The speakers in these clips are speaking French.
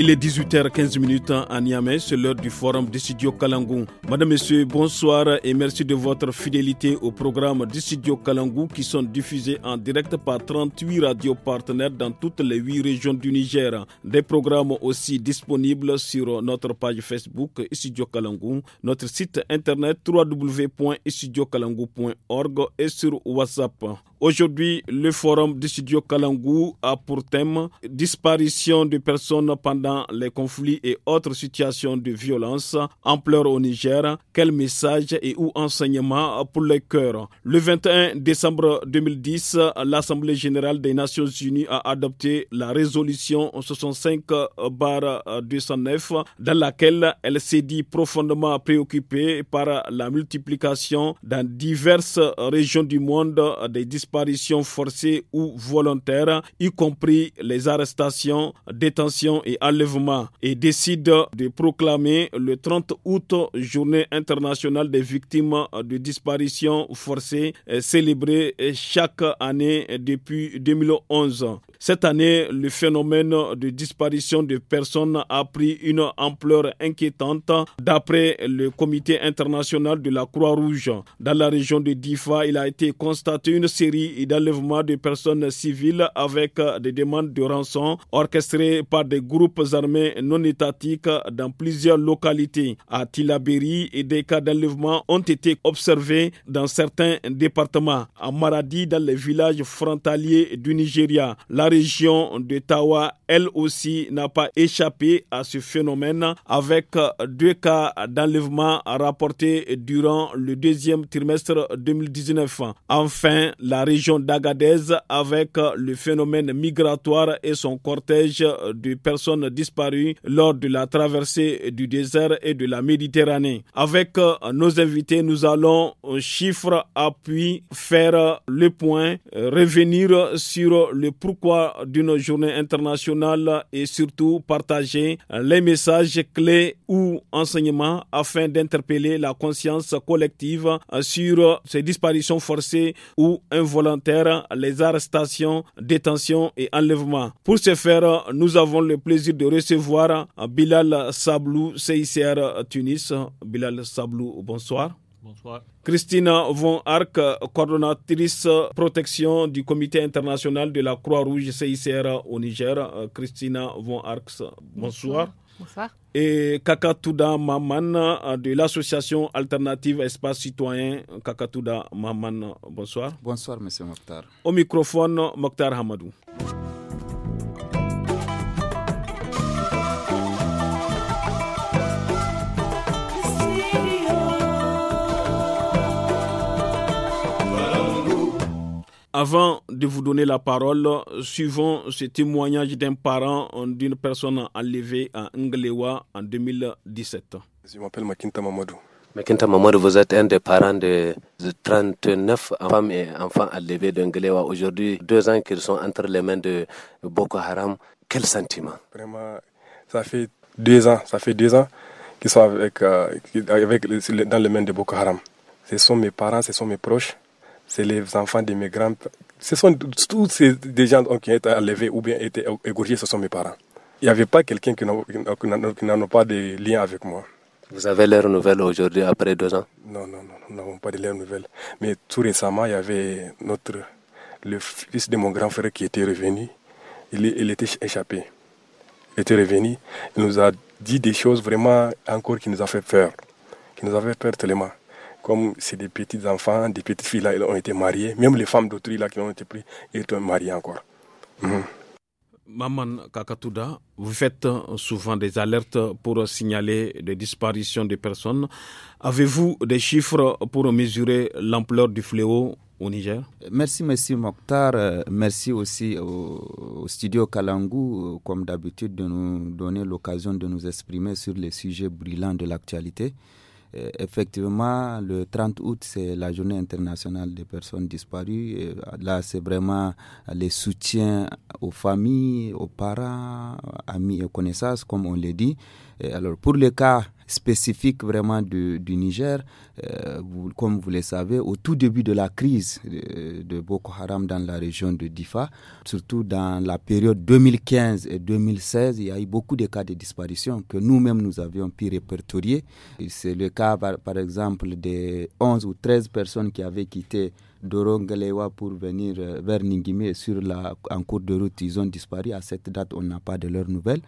Il est 18h15 à Niamey, c'est l'heure du forum du Kalangou. Madame, Messieurs, bonsoir et merci de votre fidélité au programme du Kalangou qui sont diffusés en direct par 38 radios partenaires dans toutes les 8 régions du Niger. Des programmes aussi disponibles sur notre page Facebook Studio Kalangou, notre site internet www.estudiokalangou.org et sur WhatsApp. Aujourd'hui, le forum du studio Kalangou a pour thème disparition de personnes pendant les conflits et autres situations de violence, ampleur au Niger, quel message et ou enseignement pour les cœurs. Le 21 décembre 2010, l'Assemblée générale des Nations unies a adopté la résolution 65-209 dans laquelle elle s'est dit profondément préoccupée par la multiplication dans diverses régions du monde des disparitions disparitions forcées ou volontaires, y compris les arrestations, détentions et enlèvements, et décide de proclamer le 30 août Journée internationale des victimes de disparitions forcées, euh, célébrée euh, chaque année depuis 2011. Cette année, le phénomène de disparition de personnes a pris une ampleur inquiétante d'après le Comité international de la Croix-Rouge. Dans la région de Difa, il a été constaté une série et d'enlèvement de personnes civiles avec euh, des demandes de rançon orchestrées par des groupes armés non étatiques dans plusieurs localités. À Tilaberi, des cas d'enlèvement ont été observés dans certains départements. À Maradi, dans les villages frontaliers du Nigeria, la région de Tawa, elle aussi, n'a pas échappé à ce phénomène avec euh, deux cas d'enlèvement rapportés durant le deuxième trimestre 2019. Enfin, la région d'Agadez avec euh, le phénomène migratoire et son cortège euh, de personnes disparues lors de la traversée du désert et de la Méditerranée. Avec euh, nos invités, nous allons chiffre appui faire le point, revenir sur le pourquoi d'une journée internationale et surtout partager les messages clés ou enseignements afin d'interpeller la conscience collective sur ces disparitions forcées ou involontaires volontaires, les arrestations, détentions et enlèvements. Pour ce faire, nous avons le plaisir de recevoir Bilal Sablou, CICR Tunis. Bilal Sablou, bonsoir. Bonsoir. Christina Von Arc, coordonnatrice protection du Comité international de la Croix-Rouge CICR au Niger. Christina Von Arc, bonsoir. Bonsoir. Et Kakatouda Maman de l'association alternative Espace Citoyen. Kakatouda Maman, bonsoir. Bonsoir, monsieur Mokhtar. Au microphone, Mokhtar Hamadou. Avant de vous donner la parole, suivons ce témoignage d'un parent d'une personne enlevée à Nglewa en 2017. Je m'appelle Makinta Mamadou. Makinta Mamadou, vous êtes un des parents de 39 femmes et enfants enlevés de Aujourd'hui, deux ans qu'ils sont entre les mains de Boko Haram. Quel sentiment Vraiment, ça fait deux ans, ça fait deux ans qu'ils sont avec, euh, avec, euh, dans les mains de Boko Haram. Ce sont mes parents, ce sont mes proches c'est les enfants de mes grands. Ce sont tous ces, des gens qui ont été enlevés ou bien été égorgés, ce sont mes parents. Il n'y avait pas quelqu'un qui n'en a pas de lien avec moi. Vous avez l'air nouvelle aujourd'hui après deux ans Non, non, non, nous n'avons pas de l'air nouvelle. Mais tout récemment, il y avait notre, le fils de mon grand frère qui était revenu. Il, était échappé. Il était revenu. Il nous a dit des choses vraiment encore qui nous a fait peur. Qui nous avait fait peur tellement. Comme c'est des petits enfants, des petites filles ont été mariées. Même les femmes d'autrui qui ont été prises, elles sont mariées encore. Mhm. Maman Kakatouda, vous faites euh, souvent des alertes pour signaler des disparitions de personnes. Avez-vous des chiffres pour mesurer l'ampleur du fléau au Niger Merci, merci Mokhtar. Euh, merci aussi au, studio Kalangu, euh, comme d'habitude, de nous donner l'occasion de nous exprimer sur les sujets brillants de l'actualité. Euh, effectivement, le 30 août, c'est la journée internationale des personnes disparues. là, c'est vraiment le soutiens aux familles, aux parents, amis et connaissances, comme on l'a dit. Euh, alors, pour le cas spécifique vraiment du, Niger, euh, comme vous le savez, au tout début de la crise de, Boko Haram dans la région de Difa, surtout dans la période 2015 et 2016, il y a eu beaucoup de cas de disparition que nous-mêmes nous avions pu répertorier. C'est le cas, par, par exemple, des 11 ou 13 personnes qui avaient quitté d'Orongalewa pour venir euh, vers Ningimé sur la, en cours de route, ils ont disparu. À cette date, on n'a pas de leurs nouvelles.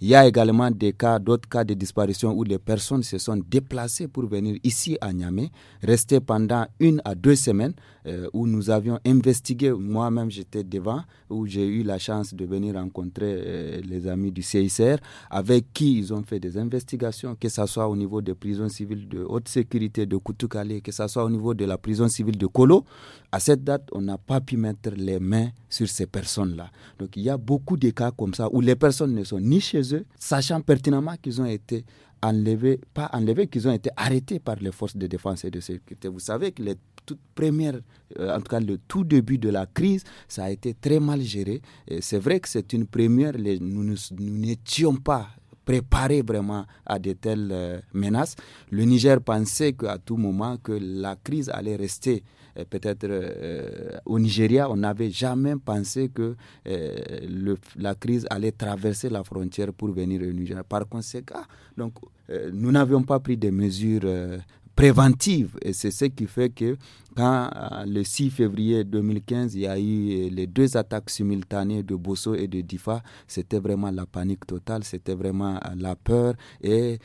Il y a également des cas, d'autres cas de disparition où les personnes se sont déplacées pour venir ici à Niamey, rester pendant une à deux semaines, euh, où nous avions investigué. Moi-même, j'étais devant, où j'ai eu la chance de venir rencontrer euh, les amis du CICR, avec qui ils ont fait des investigations, que ce soit au niveau des prisons civiles de haute sécurité de Koutoukale, que ce soit au niveau de la prison civile de Kolo. À cette date, on n'a pas pu mettre les mains sur ces personnes-là. Donc il y a beaucoup de cas comme ça où les personnes ne sont ni chez eux, sachant pertinemment qu'ils ont été enlevés, pas enlevés, qu'ils ont été arrêtés par les forces de défense et de sécurité. Vous savez que les toute première, euh, en tout cas le tout début de la crise, ça a été très mal géré. C'est vrai que c'est une première, nous n'étions pas préparés vraiment à de telles euh, menaces. Le Niger pensait qu'à tout moment que la crise allait rester euh, peut-être euh, au Nigeria, on n'avait jamais pensé que euh, la crise allait traverser la frontière pour venir au Nigeria. Par conséquent, donc, nous n'avions pas pris des mesures préventives Et c'est ce qui fait que quand euh, le 6 février 2015, il y a eu euh, les deux attaques simultanées de Bosso et de Difa, c'était vraiment la panique totale, c'était vraiment euh, la peur et,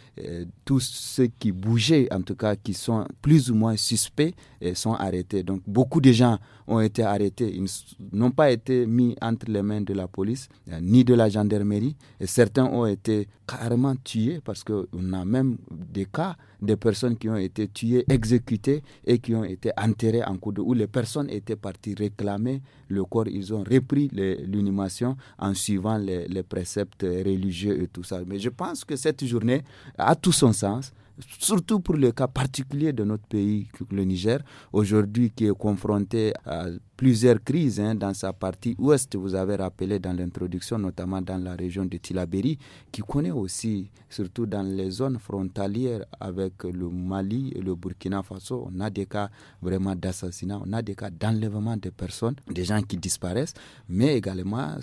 tous ceux qui bougeaient, en tout cas qui sont plus ou moins suspects, et sont arrêtés. Donc beaucoup de gens ont été arrêtés, ils n'ont pas été mis entre les mains de la police ni de la gendarmerie et certains ont été carrément tués parce qu'on a même des cas de personnes qui ont été tuées, exécutées et qui ont été enterrées en cours où les personnes étaient parties réclamer le corps. Ils ont repris l'inhumation en suivant les, préceptes religieux et tout ça. Mais je pense que cette journée a tout son sens. Surtout pour le cas particulier de notre pays, le Niger, aujourd'hui qui est confronté à plusieurs crises hein, dans sa partie ouest. Vous avez rappelé dans l'introduction, notamment dans la région de Tilaberi, qui connaît aussi, surtout dans les zones frontalières avec le Mali et le Burkina Faso, on a des cas vraiment d'assassinats, on a des cas d'enlèvement de personnes, des gens qui disparaissent, mais également,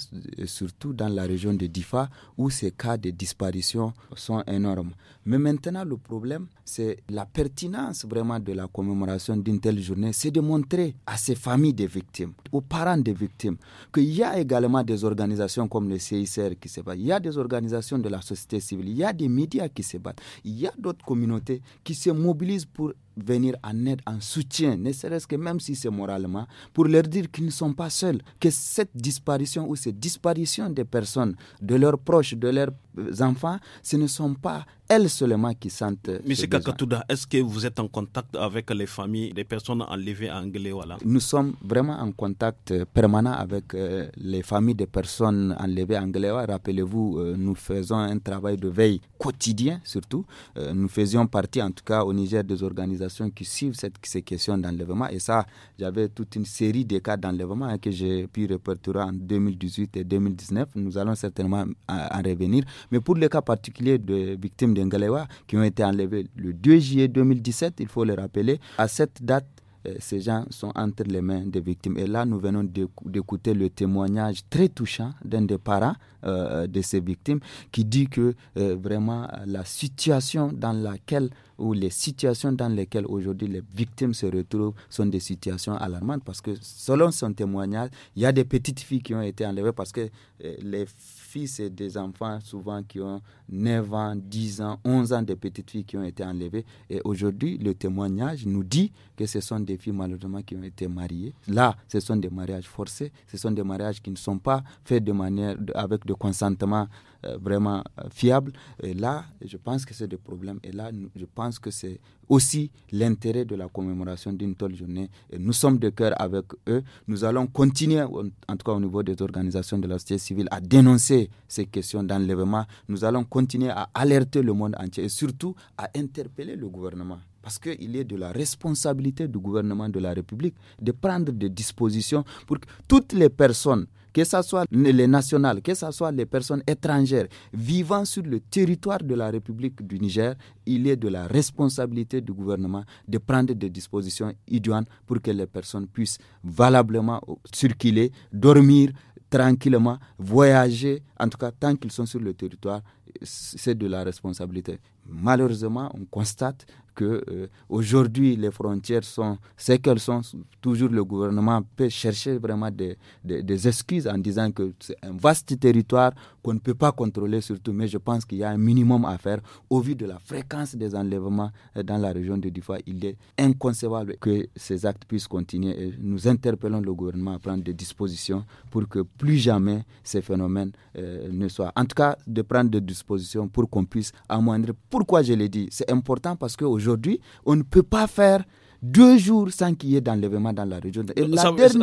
surtout dans la région de Difa, où ces cas de disparition sont énormes. Mais maintenant, le problème, c'est la pertinence vraiment de la commémoration d'une telle journée, c'est de montrer à ces familles des victimes, aux parents des victimes, qu'il y a également des organisations comme le CICR qui se battent, il y a des organisations de la société civile, il y a des médias qui se battent, il y a d'autres communautés qui se mobilisent pour venir en aide, en soutien, ne serait-ce que même si c'est moralement, pour leur dire qu'ils ne sont pas seuls, que cette disparition ou cette disparition des personnes, de leurs proches, de leurs euh, enfants, ce ne sont pas elles seulement qui sentent. Monsieur Kakatouda, est-ce que vous êtes en contact avec les familles des personnes enlevées en voilà Nous sommes vraiment en contact euh, permanent avec euh, les familles des personnes enlevées en Anglais. Rappelez-vous, nous faisons un travail de veille quotidien surtout. nous faisions partie, en tout cas au Niger, des organisations qui suivent cette, ces questions d'enlèvement. Et ça, j'avais toute une série de cas d'enlèvement que j'ai pu répertorier en 2018 et 2019. Nous allons certainement en, revenir. Mais pour les cas particuliers de victimes d'Engalewa qui ont été enlevées le 2 juillet 2017, il faut le rappeler, à cette date, euh, ces gens sont entre les mains des victimes. Et là, nous venons d'écouter le témoignage très touchant d'un des parents euh, euh, de ces victimes qui dit que vraiment la situation dans laquelle ou les situations dans lesquelles aujourd'hui les victimes se retrouvent sont des situations alarmantes parce que selon son témoignage, il y a des petites filles qui ont été enlevées parce que les les fils et des enfants souvent qui ont 9 ans, 10 ans, 11 ans, des petites filles qui ont été enlevées. Et aujourd'hui, le témoignage nous dit que ce sont des filles malheureusement qui ont été mariées. Là, ce sont des mariages forcés, ce sont des mariages qui ne sont pas faits de manière, avec de consentement euh, vraiment euh, fiable. Et là, je pense que c'est des problèmes. Et là, je pense que c'est aussi l'intérêt de la commémoration d'une telle journée. Et nous sommes de cœur avec eux. Nous allons continuer, en tout cas au niveau des organisations de la société civile, à dénoncer ces questions d'enlèvement. Nous allons continuer à alerter le monde entier et surtout à interpeller le gouvernement parce qu'il est de la responsabilité du gouvernement de la République de prendre des dispositions pour que toutes les personnes que ce soit les nationales, que ce soit les personnes étrangères vivant sur le territoire de la République du Niger, il est de la responsabilité du gouvernement de prendre des dispositions idoines pour que les personnes puissent valablement circuler, dormir tranquillement, voyager, en tout cas tant qu'ils sont sur le territoire c'est de la responsabilité. Malheureusement, on constate que euh, aujourd'hui les frontières sont ce qu'elles sont. Toujours le gouvernement peut chercher vraiment des, des, excuses en disant que c'est un vaste territoire qu'on ne peut pas contrôler surtout. Mais je pense qu'il y a un minimum à faire au vu de la fréquence des enlèvements euh, dans la région de Dufa Il est inconcevable que ces actes puissent continuer. nous interpellons le gouvernement à prendre des dispositions pour que plus jamais ces phénomènes euh, ne soient. En tout cas, de prendre des disposition pour qu'on puisse amoindrir. Pourquoi je l'ai dit C'est important parce qu'aujourd'hui, on ne peut pas faire deux jours sans qu'il y ait d'enlèvement dans la région.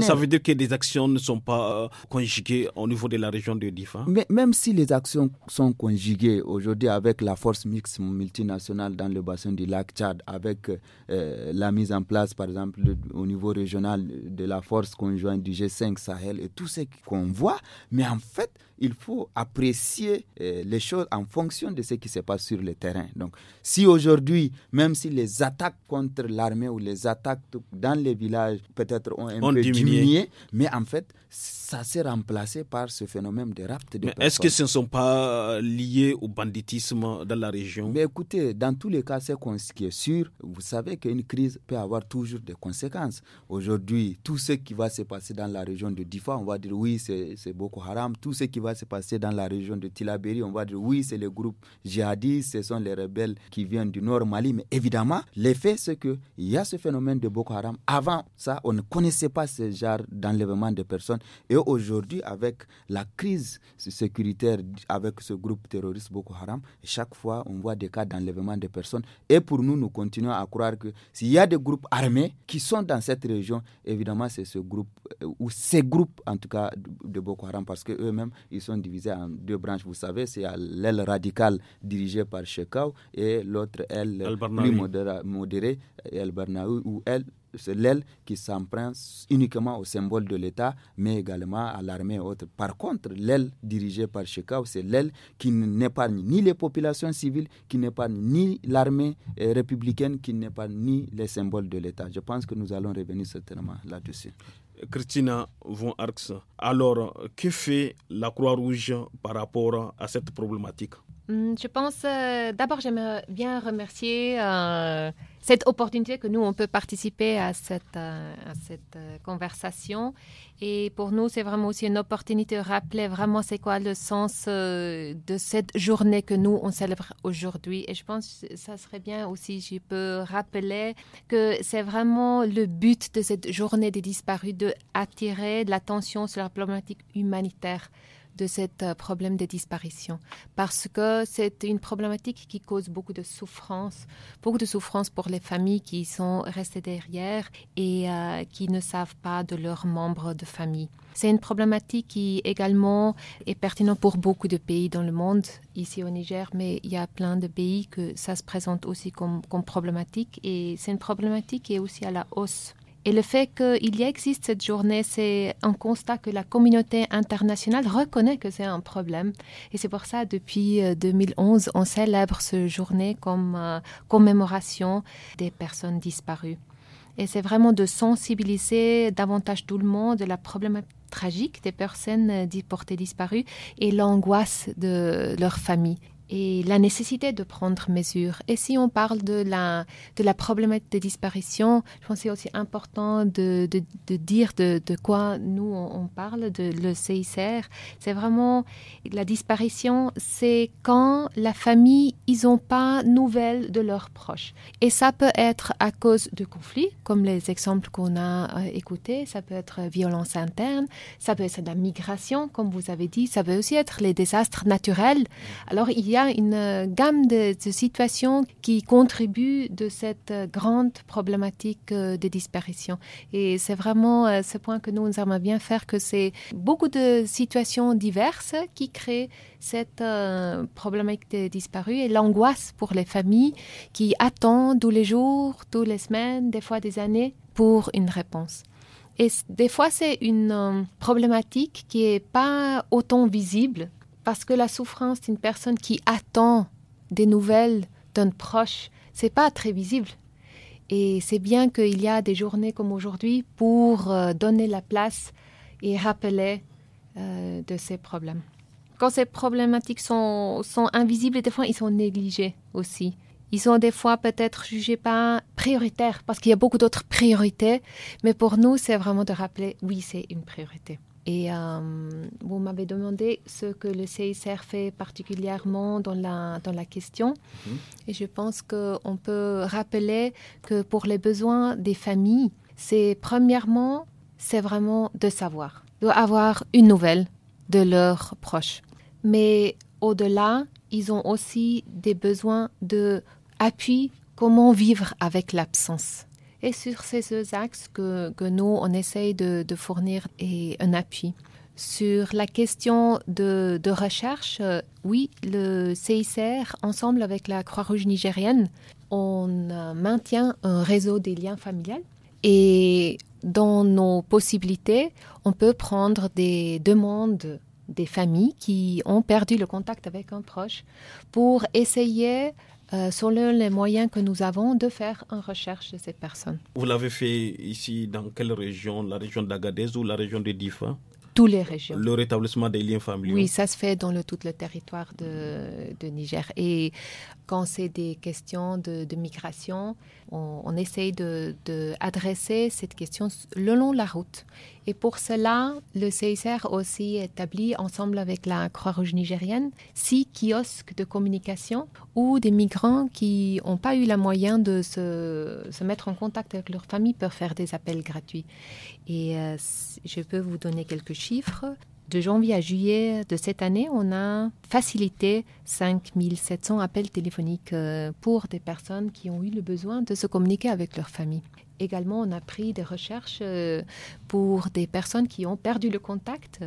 ça, veut dire que des actions ne sont pas euh, conjuguées au niveau de la région de Difa Mais même si les actions sont conjuguées aujourd'hui avec la force mixte multinationale dans le bassin du lac Tchad, avec euh, la mise en place, par exemple, au niveau régional de la force conjointe du G5 Sahel et tout ce qu'on voit, mais en fait, il faut apprécier euh, les choses en fonction de ce qui se passe sur le terrain. Donc, si aujourd'hui, même si les attaques contre l'armée ou les attaques dans les villages peut-être ont un peu diminué, mais en fait, ça s'est remplacé par ce phénomène de rapt de Mais est-ce que ce ne sont pas euh, liés au banditisme dans la région Mais écoutez, dans tous les cas, c'est ce qui est sûr. Vous savez qu'une crise peut avoir toujours des conséquences. Aujourd'hui, tout ce qui va se passer dans la région de Difa, on va dire oui, c'est Boko Haram. Tout ce qui va se passer dans la région de Tilaberi, on va dire oui, c'est le groupe djihadiste, ce sont les rebelles qui viennent du nord Mali. Mais évidemment, l'effet, c'est qu'il y a ce phénomène de Boko Haram. Avant ça, on ne connaissait pas ce genre d'enlèvement de personnes et aujourd'hui, avec la crise sécuritaire avec ce groupe terroriste Boko Haram, chaque fois, on voit des cas d'enlèvement de personnes. Et pour nous, nous continuons à croire que s'il y a des groupes armés qui sont dans cette région, évidemment, c'est ce groupe, euh, ou ces groupes, en tout cas, de Boko Haram, parce qu'eux-mêmes, ils sont divisés en deux branches. Vous savez, c'est l'aile radicale dirigée par Shekau et l'autre, aile plus modérée, El Barnaoui, ou elle, c'est l'aile qui s'emprunte uniquement au symbole de l'État, mais également à l'armée et autres. Par contre, l'aile dirigée par Chekao, c'est l'aile qui n'épargne ni les populations civiles, qui n'épargne ni l'armée euh, républicaine, qui n'épargne ni les symboles de l'État. Je pense que nous allons revenir certainement là-dessus. Christina Von Arx, alors que fait la Croix-Rouge par rapport à cette problématique Hum, je pense, euh, d'abord, j'aimerais bien remercier euh, cette opportunité que nous, on peut participer à cette, euh, conversation. Et pour nous, c'est vraiment aussi une opportunité de rappeler vraiment c'est quoi le sens de cette journée que nous, on célèbre aujourd'hui. Et je pense que ça serait bien aussi, je peux rappeler que c'est vraiment le but de cette journée des disparus de attirer l'attention sur la problématique humanitaire de ce euh, problème de disparitions, parce que c'est une problématique qui cause beaucoup de souffrance, beaucoup de souffrance pour les familles qui sont restées derrière et euh, qui ne savent pas de leurs membres de famille. C'est une problématique qui également est pertinente pour beaucoup de pays dans le monde, ici au Niger, mais il y a plein de pays que ça se présente aussi comme problématique et c'est une problématique qui est aussi à la hausse. Et le fait qu'il y existe cette journée, c'est un constat que la communauté internationale reconnaît que c'est un problème. Et c'est pour ça, depuis 2011, euh, on célèbre cette journée comme euh, commémoration des personnes disparues. Et c'est vraiment de sensibiliser davantage tout le monde à la problématique tragique des personnes euh, portées disparues et l'angoisse de leurs familles et la nécessité de prendre mesure. Et si on parle de la, de la problématique de disparition, je pense que c'est aussi important de, de, dire de, de, quoi nous on, parle, de le CICR. C'est vraiment la disparition, c'est quand la famille, ils n'ont pas nouvelles de leurs proches. Et ça peut être à cause de conflits, comme les exemples qu'on a écouté euh, écoutés, ça peut être violence interne, ça peut être la migration, comme vous avez dit, ça peut aussi être les désastres naturels. Alors, il y a une euh, gamme de, situations qui contribuent de cette euh, grande problématique euh, de disparition. Et c'est vraiment ce point que nous, nous aimons bien faire, que c'est beaucoup de situations diverses qui créent cette problématique des disparus et l'angoisse pour les familles qui attendent tous les jours, toutes les semaines, des fois des années pour une réponse. Et des fois, c'est une problématique qui n'est pas autant visible parce que la souffrance d'une personne qui attend des nouvelles d'un proche, c'est pas très visible. Et c'est bien qu'il y a des journées comme aujourd'hui pour euh, donner la place et rappeler euh, de ces problèmes. Quand ces problématiques sont, sont invisibles, des fois, ils sont négligés aussi. Ils sont des fois peut-être jugés pas prioritaires parce qu'il y a beaucoup d'autres priorités. Mais pour nous, c'est vraiment de rappeler, oui, c'est une priorité. Et euh, vous m'avez demandé ce que le CICR fait particulièrement dans la, question. Mhm. Et je pense qu'on peut rappeler que pour les besoins des familles, c'est premièrement, c'est vraiment de savoir, d'avoir une nouvelle de leurs proches. Mais au-delà, ils ont aussi des besoins d'appui. appui, comment vivre avec l'absence. Et sur ces deux axes que, nous, on essaye de, fournir et un appui. Sur la question de, recherche, euh, oui, le CICR, ensemble avec la Croix-Rouge nigérienne, on euh, maintient un réseau des liens familiales. Et dans nos possibilités, on peut prendre des demandes des familles qui ont perdu le contact avec un proche pour essayer sur euh, selon les moyens que nous avons de faire une recherche de ces personnes. Vous l'avez fait ici dans quelle région La région d'Agadez ou la région de Difa toutes les régions. Le rétablissement des liens familiaux. Oui, ça se fait dans tout le territoire de, Niger. Et quand c'est des questions de, migration, on, essaye de, cette question le long de la route. Et pour cela, le CICR aussi établit, ensemble avec la Croix-Rouge nigérienne, six kiosques de communication où des migrants qui n'ont pas eu la moyen de se, mettre en contact avec leur famille peuvent faire des appels gratuits. Et euh, je peux vous donner quelques chiffres de janvier à juillet de cette année, on a facilité 5700 appels téléphoniques euh, pour des personnes qui ont eu le besoin de se communiquer avec leur famille. Également, on a pris des recherches euh, pour des personnes qui ont perdu le contact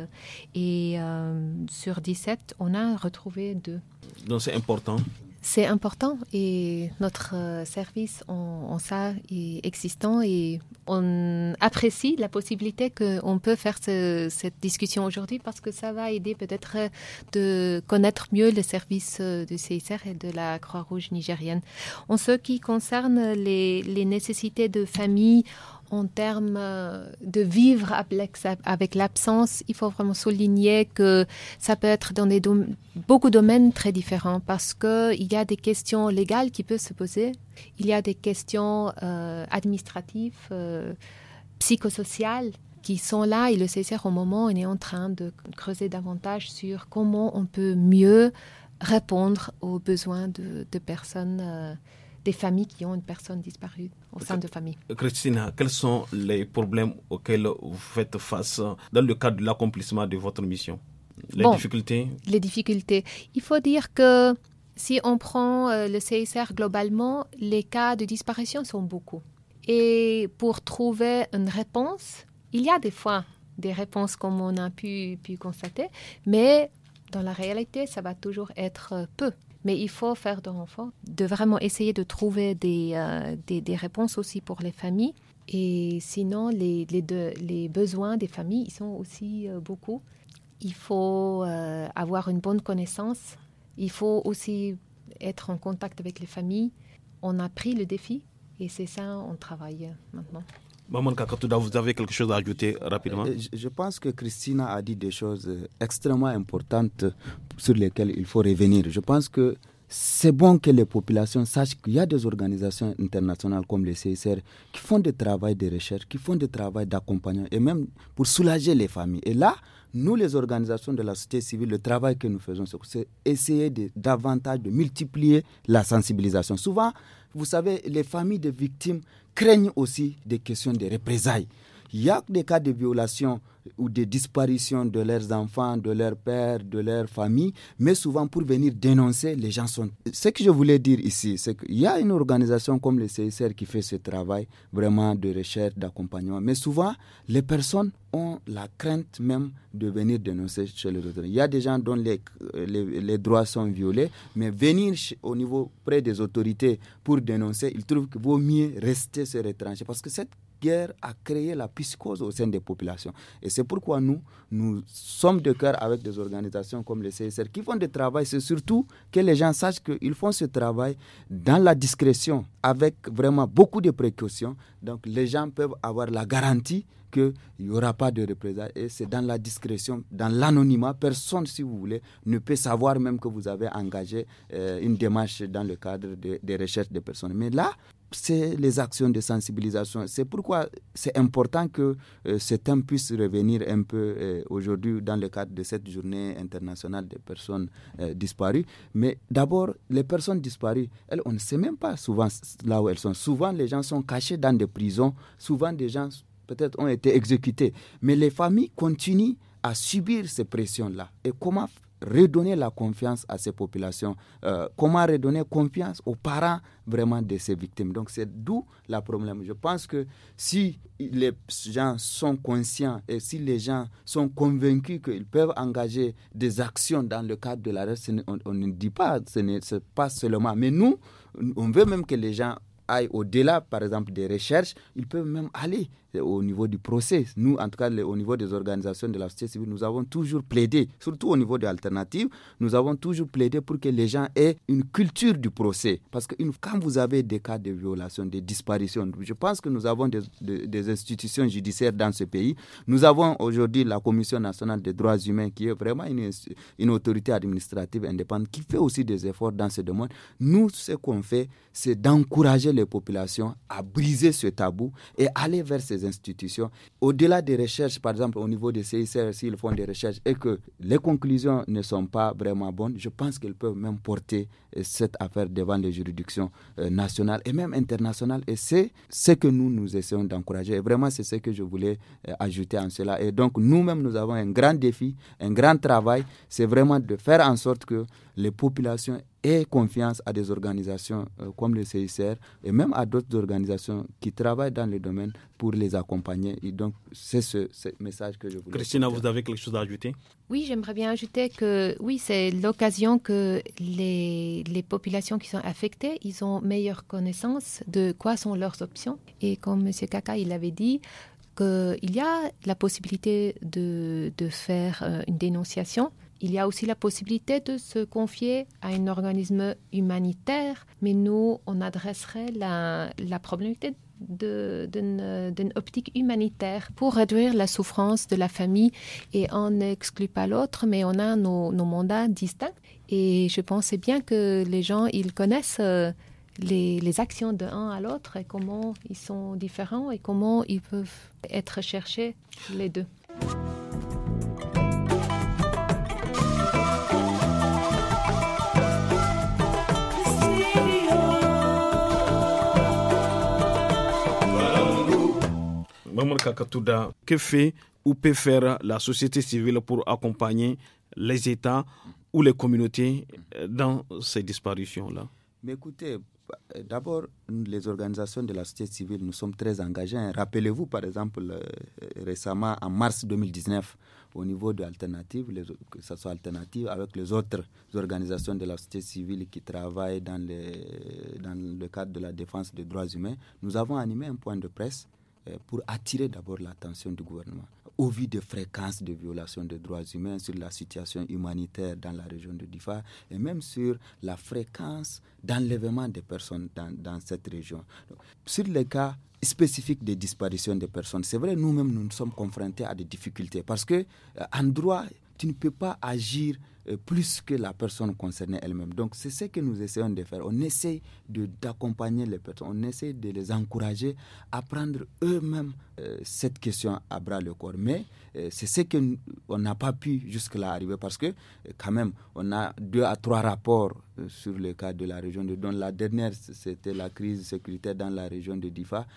et euh, sur 17, on a retrouvé deux. Donc c'est important c'est important et notre euh, service en, ça est existant et on apprécie la possibilité qu'on peut faire cette discussion aujourd'hui parce que ça va aider peut-être euh, de connaître mieux le service euh, du CICR et de la Croix-Rouge nigérienne. En ce qui concerne les, les nécessités de famille, en termes euh, de vivre avec l'absence, il faut vraiment souligner que ça peut être dans beaucoup de domaines très différents parce qu'il y a des questions légales qui peuvent se poser, il y a des questions euh, administratives, euh, psychosociales qui sont là et le CCR au moment on est en train de creuser davantage sur comment on peut mieux répondre aux besoins de, personnes des familles qui ont une personne disparue au sein de famille. Christina, quels sont les problèmes auxquels vous faites face dans le cadre de l'accomplissement de votre mission Les difficultés Les difficultés. Il faut dire que si on prend euh, le CSR globalement, les cas de disparition sont beaucoup. Et pour trouver une réponse, il y a des fois des réponses comme on a pu, pu constater, mais dans la réalité, ça va toujours être euh, peu. Mais il faut faire de renfort de vraiment essayer de trouver des, euh, des, réponses aussi pour les familles. Et sinon, les, les, besoins des familles, ils sont aussi euh, beaucoup. Il faut euh, avoir une bonne connaissance. Il faut aussi être en contact avec les familles. On a pris le défi et c'est ça, on travaille maintenant. Maman Kakatouda, vous avez quelque chose à ajouter rapidement euh, Je pense que Christina a dit des choses euh, extrêmement importantes sur lesquelles il faut revenir. Je pense que c'est bon que les populations sachent qu'il y a des organisations internationales comme le CSR qui font des travail de recherche, qui font des travail d'accompagnement et même pour soulager les familles. Et là, nous, les organisations de la société civile, le travail que nous faisons, c'est essayer de, davantage de multiplier la sensibilisation. Souvent, vous savez, les familles de victimes craignent aussi des questions de représailles. Il y a des cas de violation ou des disparitions de leurs enfants, de leurs pères, de leurs familles, mais souvent pour venir dénoncer, les gens sont... Ce que je voulais dire ici, c'est qu'il y a une organisation comme le CICR qui fait ce travail vraiment de recherche, d'accompagnement, mais souvent les personnes ont la crainte même de venir dénoncer chez les autorités. Il y a des gens dont les, les, droits sont violés, mais venir au niveau près des autorités pour dénoncer, ils trouvent qu'il vaut mieux rester se retrancher parce que cette guerre a créé la psychose au sein des populations. Et c'est pourquoi nous, nous sommes de cœur avec des organisations comme le CSR qui font des travail. C'est surtout que les gens sachent qu'ils font ce travail dans la discrétion, avec vraiment beaucoup de précautions. Donc les gens peuvent avoir la garantie qu'il n'y aura pas de représailles. Et c'est dans la discrétion, dans l'anonymat. Personne, si vous voulez, ne peut savoir même que vous avez engagé euh, une démarche dans le cadre de, des recherches des personnes. Mais là, c'est les actions de sensibilisation. C'est pourquoi c'est important que euh, ce thème puisse revenir un peu euh, aujourd'hui dans le cadre de cette journée internationale des personnes euh, disparues. Mais d'abord, les personnes disparues, elles, on ne sait même pas souvent là où elles sont. Souvent, les gens sont cachés dans des prisons. Souvent, des gens peut-être ont été exécutés. Mais les familles continuent à subir ces pressions-là. Et comment redonner la confiance à ces populations, euh, comment redonner confiance aux parents vraiment de ces victimes. Donc c'est d'où la problème. Je pense que si les gens sont conscients et si les gens sont convaincus qu'ils peuvent engager des actions dans le cadre de la reste, on, on, ne dit pas, ce n'est pas seulement, mais nous, on veut même que les gens aillent au-delà, par exemple, des recherches, ils peuvent même aller au niveau du procès. Nous, en tout cas, au niveau des organisations de la société civile, nous avons toujours plaidé, surtout au niveau de alternatives, nous avons toujours plaidé pour que les gens aient une culture du procès. Parce que une, quand vous avez des cas de violation, de disparition, je pense que nous avons des, des, institutions judiciaires dans ce pays. Nous avons aujourd'hui la Commission nationale des droits humains qui est vraiment une, une autorité administrative indépendante qui fait aussi des efforts dans ce domaine. Nous, ce qu'on fait, c'est d'encourager les populations à briser ce tabou et aller vers ces institutions. Au-delà des recherches, par exemple, au niveau des CICR, s'ils font des recherches et que les conclusions ne sont pas vraiment bonnes, je pense qu'ils peuvent même porter euh, cette affaire devant les juridictions euh, nationales et même internationales. Et c'est ce que nous, nous essayons d'encourager. Et vraiment, c'est ce que je voulais euh, ajouter en cela. Et donc, nous-mêmes, nous avons un grand défi, un grand travail. C'est vraiment de faire en sorte que les populations aient confiance à des organisations euh, comme le CICR et même à d'autres organisations qui travaillent dans le domaine pour les accompagner. Et donc, c'est ce, message que je voulais. Christina, vous avez quelque chose à ajouter Oui, j'aimerais bien ajouter que oui, c'est l'occasion que les, populations qui sont affectées, ils ont meilleure connaissance de quoi sont leurs options. Et comme M. Kaka, il avait dit, qu'il y a la possibilité de, de faire euh, une dénonciation il y a aussi la possibilité de se confier à un organisme humanitaire, mais nous, on adresserait la, problématique d'une optique humanitaire pour réduire la souffrance de la famille et on n'exclut pas l'autre, mais on a nos, mandats distincts et je pensais bien que les gens, ils connaissent euh, les, actions d'un à l'autre et comment ils sont différents et comment ils peuvent être cherchés les deux. que fait ou peut faire la société civile pour accompagner les États ou les communautés euh, dans ces disparitions-là Mais écoutez, d'abord, les organisations de la société civile, nous sommes très engagés. Hein. Rappelez-vous, par exemple, euh, récemment, en mars 2019, au niveau de l'alternative, que ce soit alternative avec les autres organisations de la société civile qui travaillent dans, les, dans le cadre de la défense des droits humains, nous avons animé un point de presse euh, pour attirer d'abord l'attention du gouvernement au vu des fréquences de violations des droits humains, sur la situation humanitaire dans la région de Difa et même sur la fréquence d'enlèvement des personnes dans, cette région. sur les cas spécifiques de disparition des personnes. C'est vrai, nous-mêmes, nous, nous sommes confrontés à des difficultés parce que, euh, en droit, tu ne peux pas agir euh, plus que la personne concernée elle-même. Donc c'est ce que nous essayons de faire. On essaie d'accompagner les personnes, on essaie de les encourager à prendre eux-mêmes euh, cette question à bras le corps. Mais euh, c'est ce qu'on n'a pas pu jusque-là arriver parce que quand même, on a deux à trois rapports sur le cas de la région de Don. La dernière, c'était la crise sécuritaire dans la région de Difa.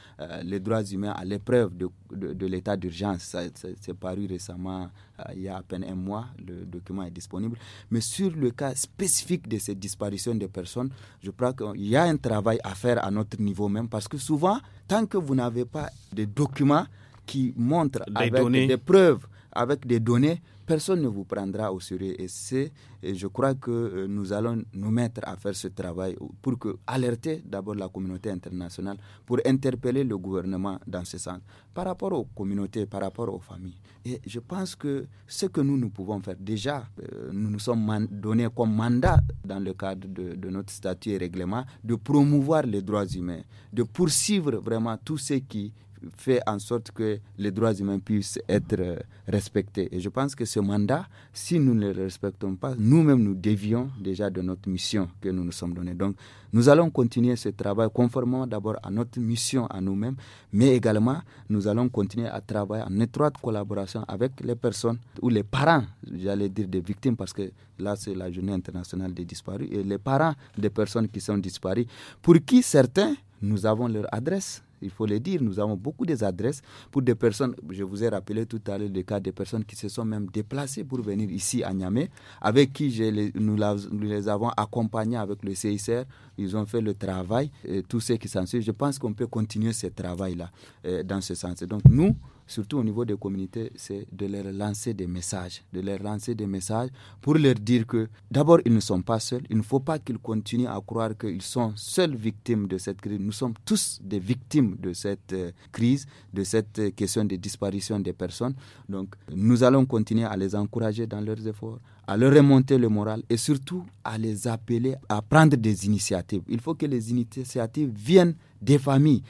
les droits humains à l'épreuve de, de, de l'état d'urgence, c'est paru récemment, il y a à peine un mois, le document est disponible. Mais sur le cas spécifique de cette disparition de personnes, je crois qu'il y a un travail à faire à notre niveau même parce que souvent, tant que vous n'avez pas de documents qui montrent avec des preuves, avec des données, personne ne vous prendra au sérieux. Et c'est, je crois que euh, nous allons nous mettre à faire ce travail pour que, alerter d'abord la communauté internationale, pour interpeller le gouvernement dans ce sens, par rapport aux communautés, par rapport aux familles. Et je pense que ce que nous, nous pouvons faire, déjà, euh, nous nous sommes donnés comme mandat dans le cadre de, de notre statut et règlement de promouvoir les droits humains, de poursuivre vraiment tout ce qui fait en sorte que les droits humains puissent être euh, respectés. Et je pense que ce mandat, si nous ne le respectons pas, nous-mêmes nous dévions déjà de notre mission que nous nous sommes donnée. Donc, nous allons continuer ce travail conformément d'abord à notre mission à nous-mêmes, mais également nous allons continuer à travailler en étroite collaboration avec les personnes ou les parents, j'allais dire des victimes, parce que là c'est la journée internationale des disparus, et les parents des personnes qui sont disparues, pour qui certains, nous avons leur adresse il faut le dire, nous avons beaucoup des adresses pour des personnes, je vous ai rappelé tout à l'heure le cas des personnes qui se sont même déplacées pour venir ici à Niamey, avec qui nous, les avons accompagnés avec le CICR, ils ont fait le travail, et tout ce qui s'en Je pense qu'on peut continuer ce travail-là euh, dans ce sens. donc nous, surtout au niveau des communautés, c'est de leur lancer des messages, de leur lancer des messages pour leur dire que d'abord, ils ne sont pas seuls, il ne faut pas qu'ils continuent à croire qu'ils sont seuls victimes de cette crise. Nous sommes tous des victimes de cette euh, crise, de cette euh, question de disparition des personnes. Donc, nous allons continuer à les encourager dans leurs efforts, à leur remonter le moral et surtout à les appeler à prendre des initiatives. Il faut que les initiatives viennent des familles.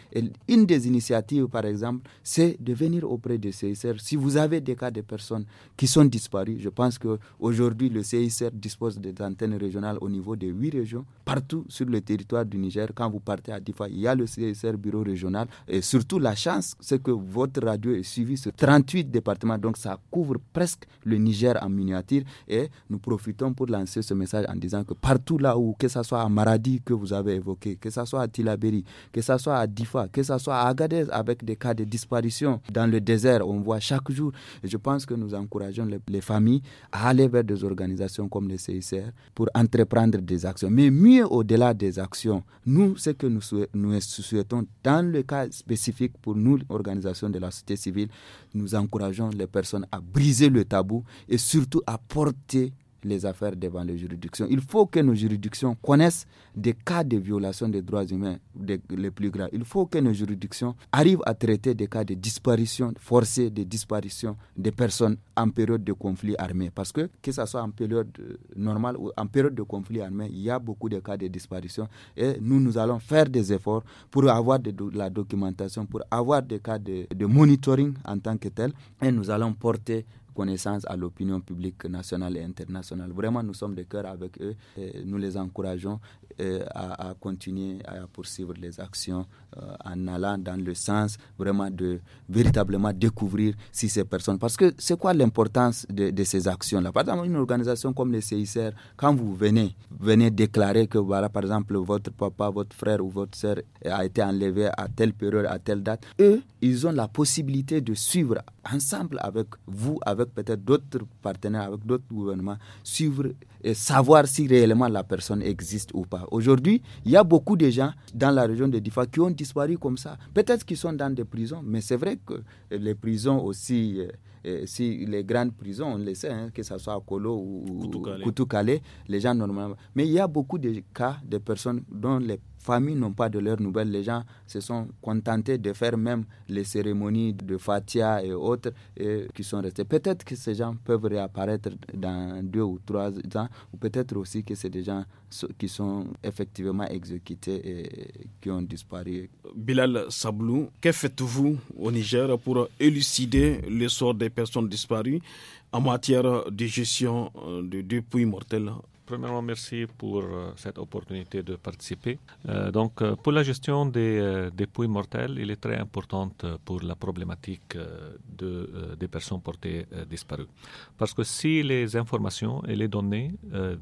une des initiatives, par exemple, c'est de venir auprès du CICR. Si vous avez des cas de personnes qui sont disparues, je pense qu'aujourd'hui, le CICR dispose des antennes régionales au niveau de huit régions. Partout sur le territoire du Niger, quand vous partez à Difa, il y a le CICR bureau régional. Et surtout, la chance, c'est que votre radio est suivie sur 38 départements. Donc, ça couvre presque le Niger en miniature. Et nous profitons pour lancer ce message en disant que partout là où, que ce soit à Maradi que vous avez évoqué, que ce soit à Tilaberi, que ce soit à Difa, que ça soit à Agadez, avec des cas de disparition dans le désert, on voit chaque jour. je pense que nous encourageons les, familles à aller vers des organisations comme le CICR pour entreprendre des actions. Mais mieux au-delà des actions, nous, ce que nous, nous souhaitons, dans le cas spécifique pour nous, l'organisation de la société civile, nous encourageons les personnes à briser le tabou et surtout à porter les affaires devant les juridictions. Il faut que nos juridictions connaissent des cas de violation des droits humains les plus graves. Il faut que nos juridictions arrivent à traiter des cas de disparition forcée, de disparition des personnes en période de conflit armé. Parce que, que ce soit en période euh, normale ou en période de conflit armé, il y a beaucoup de cas de disparition. Et nous, nous allons faire des efforts pour avoir de, la documentation, pour avoir des cas de, de monitoring en tant que tel. Et nous allons porter connaissance à l'opinion publique nationale et internationale. Vraiment, nous sommes de cœur avec eux. nous les encourageons euh, à continuer à poursuivre les actions euh, en allant dans le sens vraiment de véritablement découvrir si ces personnes. Parce que c'est quoi l'importance de, ces actions-là Par exemple, une organisation comme les CICR, quand vous venez, venez déclarer que, voilà, par exemple, votre papa, votre frère ou votre soeur a été enlevé à telle période, à telle date, eux, ils ont la possibilité de suivre ensemble avec vous, avec peut-être d'autres partenaires, avec d'autres gouvernements, suivre et savoir si réellement la personne existe ou pas. Aujourd'hui, il y a beaucoup de gens dans la région de Difa qui ont dit disparu comme ça. Peut-être qu'ils sont dans des prisons, mais c'est vrai que les prisons aussi, euh, euh, si les grandes prisons, on le sait, hein, que ce soit à Kolo ou Koutoukale, les gens normalement. Mais il y a beaucoup de cas de personnes dont les familles n'ont pas de leurs nouvelles. Les gens se sont contentés de faire même les cérémonies de Fatia et autres et qui sont restés. Peut-être que ces gens peuvent réapparaître dans deux ou trois ans, ou peut-être aussi que c'est des gens qui sont effectivement exécutés et qui ont disparu. Bilal Sablou, que faites-vous au Niger pour élucider le sort des personnes disparues en matière de gestion euh, de, puits mortels Premièrement, merci pour euh, cette opportunité de participer. Euh, donc, euh, pour la gestion des, des puits il est très important pour la problématique des personnes portées disparues. Parce que si les informations et les données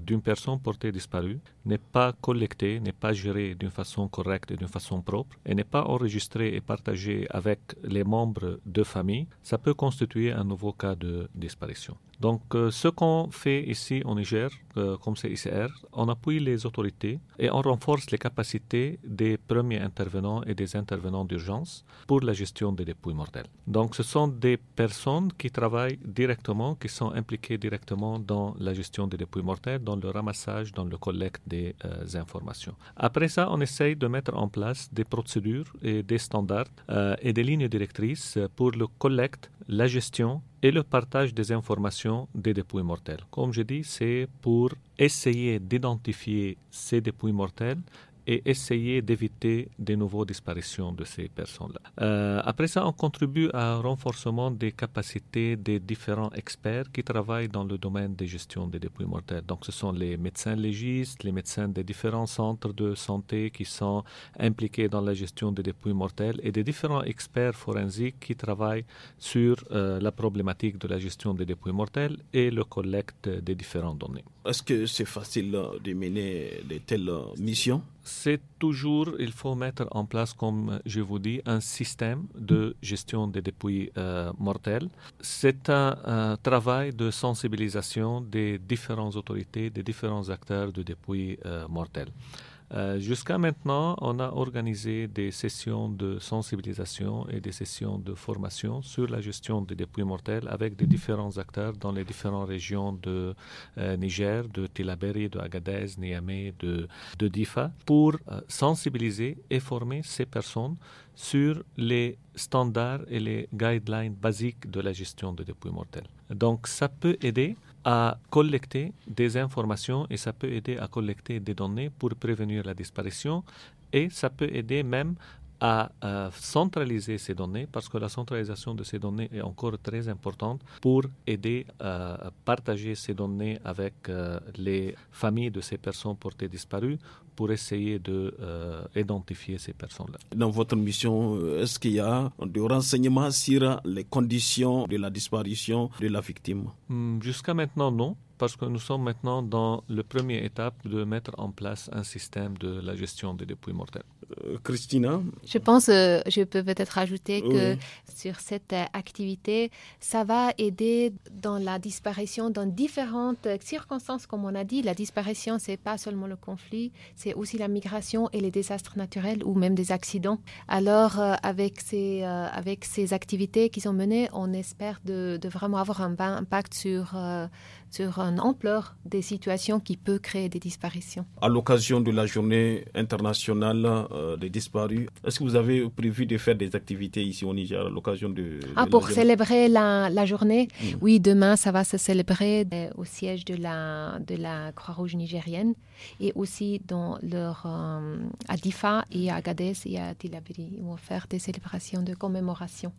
d'une personne portée disparue n'est pas collectées, n'est pas gérées d'une façon correcte et d'une façon propre, et n'est pas enregistrée et partagée avec les membres de famille, ça peut constituer un nouveau cas de disparition. Donc, euh, ce qu'on fait ici en Niger, euh, comme c'est ICR, on appuie les autorités et on renforce les capacités des premiers intervenants et des intervenants d'urgence pour la gestion des dépouilles mortelles. Donc, ce sont des personnes qui travaillent directement, qui sont impliquées directement dans la gestion des dépouilles mortelles, dans le ramassage, dans le collecte des euh, informations. Après ça, on essaye de mettre en place des procédures et des standards et des lignes directrices pour le collecte la gestion et le partage des informations des dépouilles mortelles. Comme je dis, c'est pour essayer d'identifier ces dépouilles mortelles et essayer d'éviter de nouveaux disparitions de ces personnes-là. Euh, après ça, on contribue à un renforcement des capacités des différents experts qui travaillent dans le domaine de gestion des dépouilles mortels. Donc, ce sont les médecins légistes, les médecins des différents centres de santé qui sont impliqués dans la gestion des dépouilles mortels et des différents experts forensiques qui travaillent sur euh, la problématique de la gestion des dépouilles mortels et le collecte des différentes données. Est-ce que c'est facile de mener de telles missions c'est toujours, il faut mettre en place, comme je vous dis, un système de gestion des dépouilles euh, mortelles. C'est un travail de sensibilisation des différentes autorités, des différents acteurs de dépouilles euh, mortelles. Euh, jusqu'à maintenant, on a organisé des sessions de sensibilisation et des sessions de formation sur la gestion des dépouilles mortels avec des différents acteurs dans les différentes régions de euh, Niger, de Tilaberi, de Agadez, Niamey, de, Difa, pour euh, sensibiliser et former ces personnes sur les standards et les guidelines basiques de la gestion des dépouilles mortels. Donc ça peut aider à collecter des informations et ça peut aider à collecter des données pour prévenir la disparition et ça peut aider même à euh, centraliser ces données parce que la centralisation de ces données est encore très importante pour aider à euh, partager ces données avec euh, les familles de ces personnes portées disparues pour essayer d'identifier ces personnes-là. Dans votre mission, est-ce qu'il y a des renseignements sur les conditions de la disparition de la victime hmm, Jusqu'à maintenant, non parce que nous sommes maintenant dans la première étape de mettre en place un système de la gestion des dépouilles mortels. Euh, Christina Je pense, euh, je peux peut-être ajouter que sur cette euh, activité, ça va aider dans la disparition dans différentes circonstances, comme on a dit. La disparition, c'est pas seulement le conflit, c'est aussi la migration et les désastres naturels ou même des accidents. Alors, avec, ces, avec ces activités qui sont menées, on espère de, de vraiment avoir un impact sur sur une ampleur des situations qui peut créer des disparitions. À l'occasion de la journée internationale euh, des disparus, est-ce que vous avez prévu de faire des activités ici au Niger à l'occasion de, Ah, pour célébrer la, la journée mm. Oui, demain, ça va se célébrer euh, au siège de la, de la Croix-Rouge nigérienne et aussi dans leur, euh, à Difa et à Gades et à Tilabiri, où on faire des célébrations de commémoration.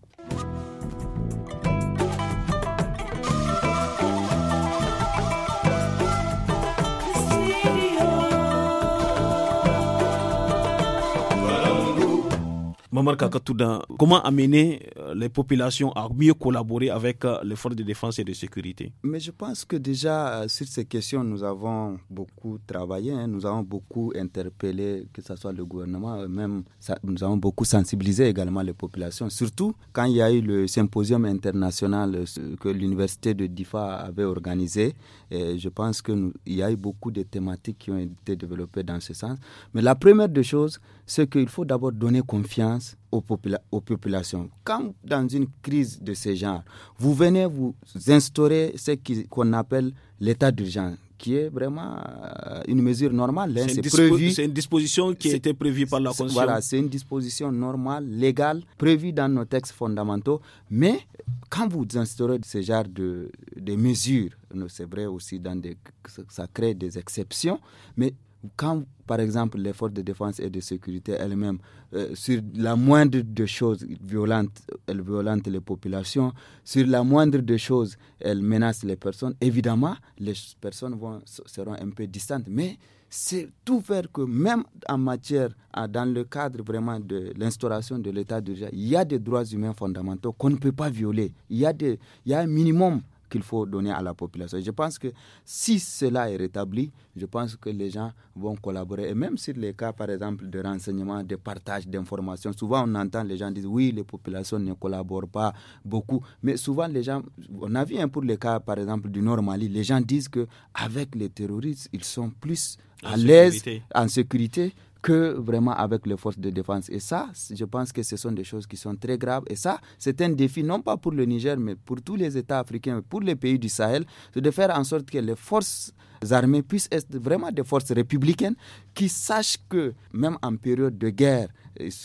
Mamar Kakatoudan, comment amener euh, les populations à mieux collaborer avec euh, les forces de défense et de sécurité Mais je pense que déjà, euh, sur ces questions, nous avons beaucoup travaillé, hein. nous avons beaucoup interpellé, que ce soit le gouvernement, même nous avons beaucoup sensibilisé également les populations, surtout quand il y a eu le symposium international que l'université de DIFA avait organisé et je pense qu'il y a eu beaucoup de thématiques qui ont été développées dans ce sens. Mais la première des choses, c'est qu'il faut d'abord donner confiance aux, populations. Quand dans une crise de ce genre, vous venez vous instaurer ce qu'on appelle l'état d'urgence qui est vraiment euh, une mesure normale. Hein. C'est C'est une disposition qui a été prévue par la Constitution. Voilà, c'est une disposition normale, légale, prévue dans nos textes fondamentaux. Mais quand vous instaurez ce genre de mesures, c'est vrai aussi, dans des, ça crée des exceptions, mais quand, par exemple, les forces de défense et de sécurité elles-mêmes, euh, sur la moindre de choses violentes, elle violente les populations, sur la moindre de choses, elles menacent les personnes, évidemment, les personnes vont, seront un peu distantes. Mais c'est tout faire que, même en matière, dans le cadre vraiment de l'instauration de l'État d'urgence, il y a des droits humains fondamentaux qu'on ne peut pas violer. Il y a, il y a un minimum qu'il faut donner à la population. Je pense que si cela est rétabli, je pense que les gens vont collaborer. Et même sur les cas, par exemple, de renseignement, de partage d'informations, souvent on entend les gens dire oui, les populations ne collaborent pas beaucoup. Mais souvent, les gens, on a vu un pour les cas, par exemple, du Nord Mali, les gens disent que avec les terroristes, ils sont plus à l'aise, en sécurité, que vraiment avec les forces de défense. Et ça, je pense que ce sont des choses qui sont très graves. Et ça, c'est un défi non pas pour le Niger, mais pour tous les États africains, pour les pays du Sahel, de faire en sorte que les forces armées puissent être vraiment des forces républicaines qui sachent que même en période de guerre,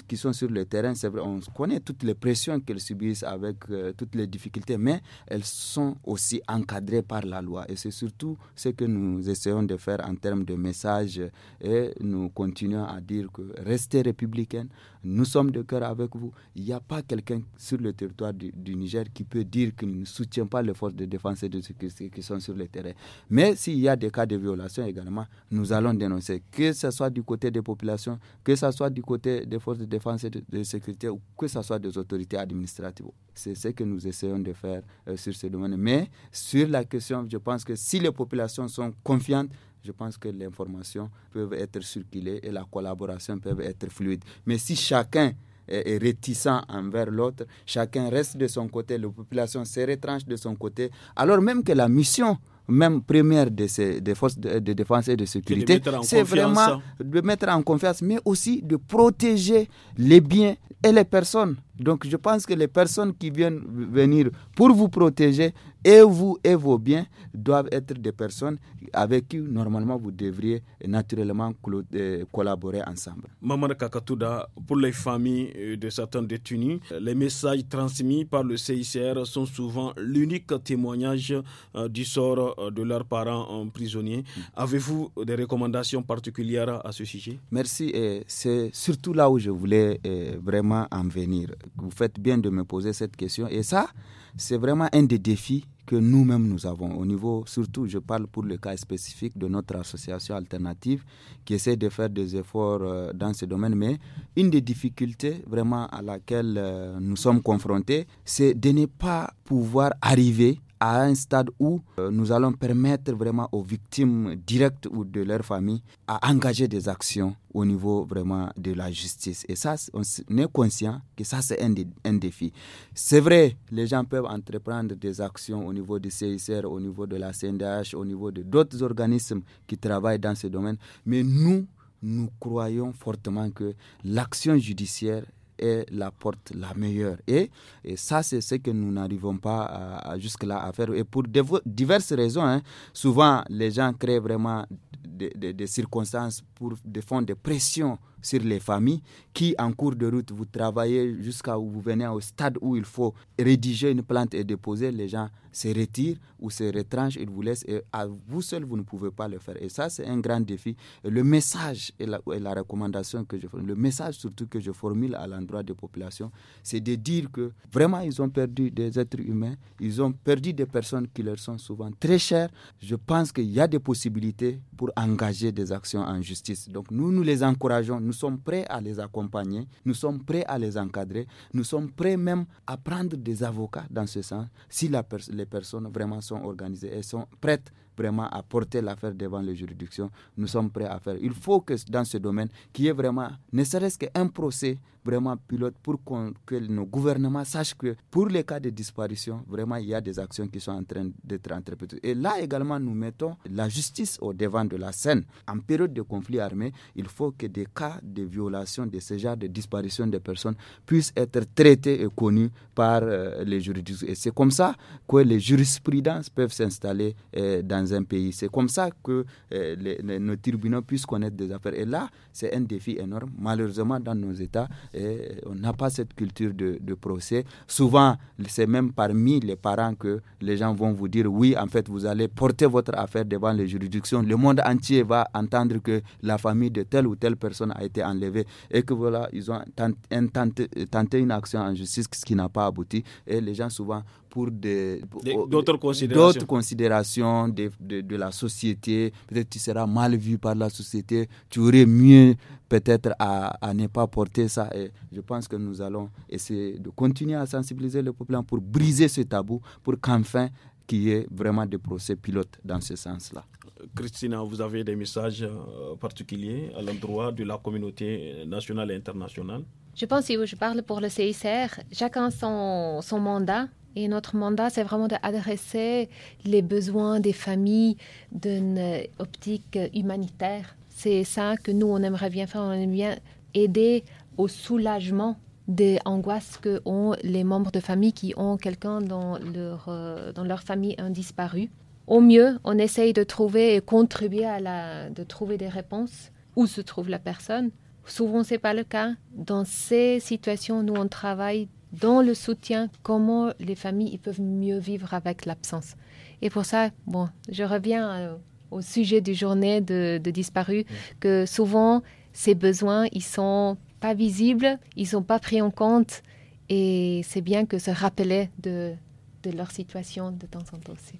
qui sont sur le terrain, c'est vrai, on connaît toutes les pressions qu'elles subissent avec euh, toutes les difficultés, mais elles sont aussi encadrées par la loi. Et c'est surtout ce que nous essayons de faire en termes de messages et nous continuons à dire que rester républicaine, nous sommes de cœur avec vous. Il n'y a pas quelqu'un sur le territoire du, Niger qui peut dire qu'il ne soutient pas les forces de défense et de sécurité qui sont sur le terrain. Mais s'il y a des cas de violation également, nous allons dénoncer, que ce soit du côté des populations, que ce soit du côté des forces de défense et de, sécurité, ou que ce soit des autorités administratives. C'est ce que nous essayons de faire euh, sur ce domaine. Mais sur la question, je pense que si les populations sont confiantes, je pense que l'information peut être circulée et la collaboration peut être fluide. Mais si chacun est réticent envers l'autre, chacun reste de son côté, la population se retranche de son côté, alors même que la mission même première de ces, des forces de, défense et de sécurité, c'est vraiment de mettre en confiance, mais aussi de protéger les biens et les personnes donc je pense que les personnes qui viennent venir pour vous protéger et vous et vos biens doivent être des personnes avec qui normalement vous devriez naturellement euh, collaborer ensemble. Maman Kakatouda, pour les familles euh, de certains détenus, euh, les messages transmis par le CICR sont souvent l'unique témoignage du sort de leurs parents prisonniers. Mm. Avez-vous des recommandations particulières à ce sujet Merci. C'est surtout là où je voulais vraiment en venir vous faites bien de me poser cette question. Et ça, c'est vraiment un des défis que nous-mêmes nous avons au niveau, surtout je parle pour le cas spécifique de notre association alternative qui essaie de faire des efforts euh, dans ce domaine, mais une des difficultés vraiment à laquelle euh, nous sommes confrontés, c'est de ne pas pouvoir arriver à un stade où euh, nous allons permettre vraiment aux victimes directes ou de leur famille à engager des actions au niveau vraiment de la justice. Et ça, on est conscient que ça, c'est un, un, défi. C'est vrai, les gens peuvent entreprendre des actions au niveau du CICR, au niveau de la CNDH, au niveau de d'autres organismes qui travaillent dans ce domaine, mais nous, nous croyons fortement que l'action judiciaire est la porte la meilleure. Et, et ça, c'est ce que nous n'arrivons pas jusque-là à faire. Et pour diverses raisons, hein, souvent les gens créent vraiment des, des circonstances pour défendre des pressions sur les familles qui, en cours de route, vous travaillez jusqu'à où vous venez au stade où il faut rédiger une plante et déposer, les gens se retirent ou se retranchent, ils vous laissent et à vous seul, vous ne pouvez pas le faire. Et ça, c'est un grand défi. Le message et la, la recommandation que je le message surtout que je formule à l'endroit des populations, c'est de dire que vraiment, ils ont perdu des êtres humains, ils ont perdu des personnes qui leur sont souvent très chères. Je pense qu'il y a des possibilités pour engager des actions en justice. Donc, nous, nous les encourageons. Nous nous sommes prêts à les accompagner, nous sommes prêts à les encadrer, nous sommes prêts même à prendre des avocats dans ce sens si les personnes vraiment sont organisées et sont prêtes vraiment à porter l'affaire devant les juridictions. Nous sommes prêts à faire. Il faut que dans ce domaine, qui est vraiment, ne serait-ce qu'un procès vraiment pilote pour que nos gouvernements sachent que pour les cas de disparition, vraiment, il y a des actions qui sont en train d'être entreprises. Et là également, nous mettons la justice au devant de la scène. En période de conflit armé, il faut que des cas de violation de ce genre de disparition de personnes puissent être traités et connus par euh, les juridictions. Et c'est comme ça que les jurisprudences peuvent s'installer euh, dans un pays. C'est comme ça que euh, nos tribunaux puissent connaître des affaires. Et là, c'est un défi énorme. Malheureusement, dans nos États, on n'a pas cette culture de, procès. Souvent, c'est même parmi les parents que les gens vont vous dire oui, en fait, vous allez porter votre affaire devant les juridictions. Le monde entier va entendre que la famille de telle ou telle personne a été enlevée et que voilà, ils ont tenté une action en justice qui n'a pas abouti. Et les gens souvent pour d'autres considérations, considérations de, de, la société. Peut-être tu seras mal vu par la société. Tu aurais mieux peut-être à, à, ne pas porter ça. Et je pense que nous allons essayer de continuer à sensibiliser le peuple pour briser ce tabou, pour qu'enfin qu'il y ait vraiment des procès pilotes dans ce sens-là. Christina, vous avez des messages euh, particuliers à l'endroit de la communauté nationale et internationale Je pense que je parle pour le CICR. Chacun son, son mandat et notre mandat, c'est vraiment d'adresser les besoins des familles d'une optique humanitaire. C'est ça que nous, on aimerait bien faire. On aimerait bien aider au soulagement des angoisses que ont les membres de famille qui ont quelqu'un dans leur, euh, dans leur famille indisparu. disparu. Au mieux, on essaye de trouver et contribuer à la, de trouver des réponses où se trouve la personne. Souvent, ce n'est pas le cas. Dans ces situations, nous, on travaille dans le soutien, comment les familles peuvent mieux vivre avec l'absence. Et pour ça, bon, je reviens euh, au sujet du journée de, disparus, que souvent, ces besoins, ils sont pas visibles, ils sont pas pris en compte, et c'est bien que se rappeler de, de leur situation de temps en temps aussi.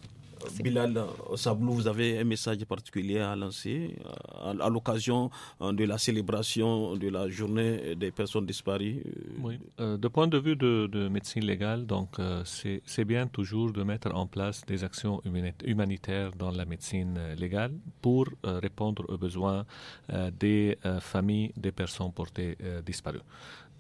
Bilal euh, Sablou, vous avez un message particulier à lancer à, l'occasion euh, de la célébration de la journée des personnes disparues euh, Oui. de point de vue de, médecine légale, donc c'est bien toujours de mettre en place des actions humanitaires dans la médecine légale pour répondre aux besoins des familles des personnes portées disparues.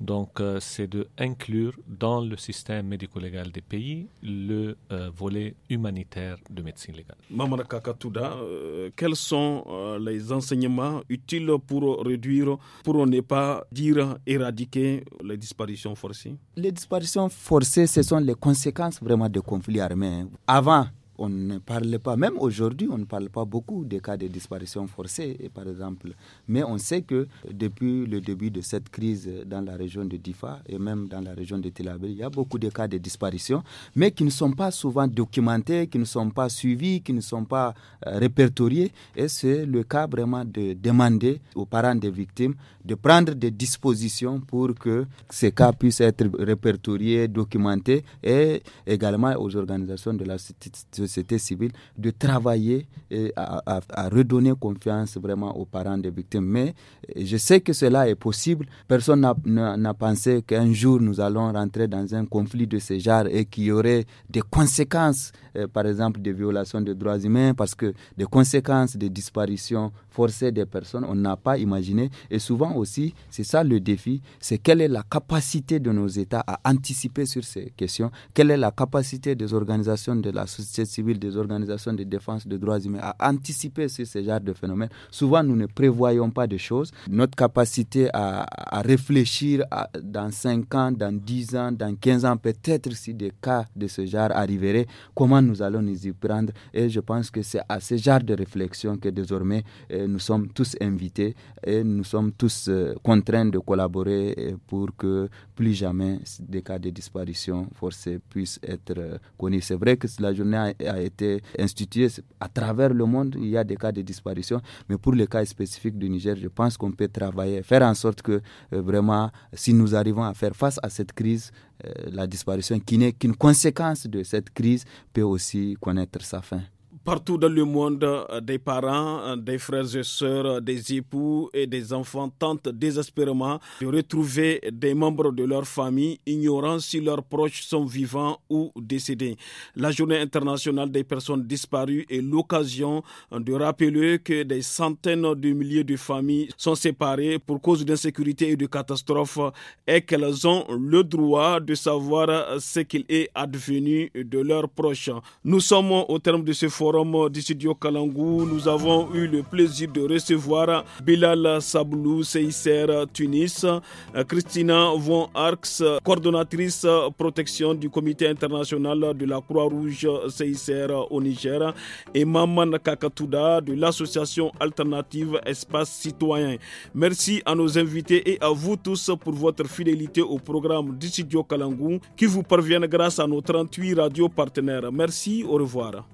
Donc, euh, c'est de inclure dans le système médico-légal des pays le euh, volet humanitaire de médecine légale. Maman Kakatouda, euh, quels sont les enseignements utiles pour réduire, pour ne pas dire éradiquer les disparitions forcées Les disparitions forcées, ce sont les conséquences vraiment des conflits armés. Hein. Avant, on ne parle pas, même aujourd'hui, on ne parle pas beaucoup des cas de disparition forcée, par exemple. Mais on sait que depuis le début de cette crise dans la région de Difa et même dans la région de Tilabé, il y a beaucoup de cas de disparition, mais qui ne sont pas souvent documentés, qui ne sont pas suivis, qui ne sont pas euh, répertoriés. Et c'est le cas vraiment de demander aux parents des victimes de prendre des dispositions pour que ces cas puissent être répertoriés, documentés et également aux organisations de la société société civile de travailler et à, redonner confiance vraiment aux parents des victimes. Mais je sais que cela est possible. Personne n'a pensé qu'un jour nous allons rentrer dans un conflit de ce genre et qu'il y aurait des conséquences, euh, par exemple des violations des droits humains, parce que des conséquences des disparitions forcées des personnes, on n'a pas imaginé. Et souvent aussi, c'est ça le défi, c'est quelle est la capacité de nos États à anticiper sur ces questions, quelle est la capacité des organisations de la société des organisations de défense des droits humains à anticiper sur ce genre de phénomène. Souvent, nous ne prévoyons pas de choses. Notre capacité à, à réfléchir dans 5 ans, dans 10 ans, dans 15 ans, peut-être si des cas de ce genre arriveraient, comment nous allons nous y prendre. Et je pense que c'est à ce genre de réflexion que désormais euh, nous sommes tous invités et nous sommes tous euh, contraints de collaborer euh, pour que plus jamais des cas de disparition forcée puissent être connus. C'est vrai que la journée a été instituée à travers le monde. Il y a des cas de disparition, mais pour le cas spécifique du Niger, je pense qu'on peut travailler, faire en sorte que euh, vraiment, si nous arrivons à faire face à cette crise, euh, la disparition qui n'est qu'une conséquence de cette crise peut aussi connaître sa fin. Partout dans le monde, euh, des parents, euh, des frères et sœurs, euh, des époux et des enfants tentent désespérément de retrouver des membres de leur famille, ignorant si leurs proches sont vivants ou décédés. La Journée internationale des personnes disparues est l'occasion de rappeler que des centaines de milliers de familles sont séparées pour cause d'insécurité et de catastrophe et qu'elles ont le droit de savoir ce qu'il est advenu de leurs proches. Nous sommes au terme de ce forum forum du studio Kalangou, nous avons eu le plaisir de recevoir Bilal Sablou, CICR Tunis, Christina Von Arx, coordonnatrice protection du comité international de la Croix-Rouge CICR au Niger, et Maman Kakatouda de l'association alternative Espace Citoyen. Merci à nos invités et à vous tous pour votre fidélité au programme du studio Kalangou qui vous parvient grâce à nos 38 radios partenaires. Merci, au revoir.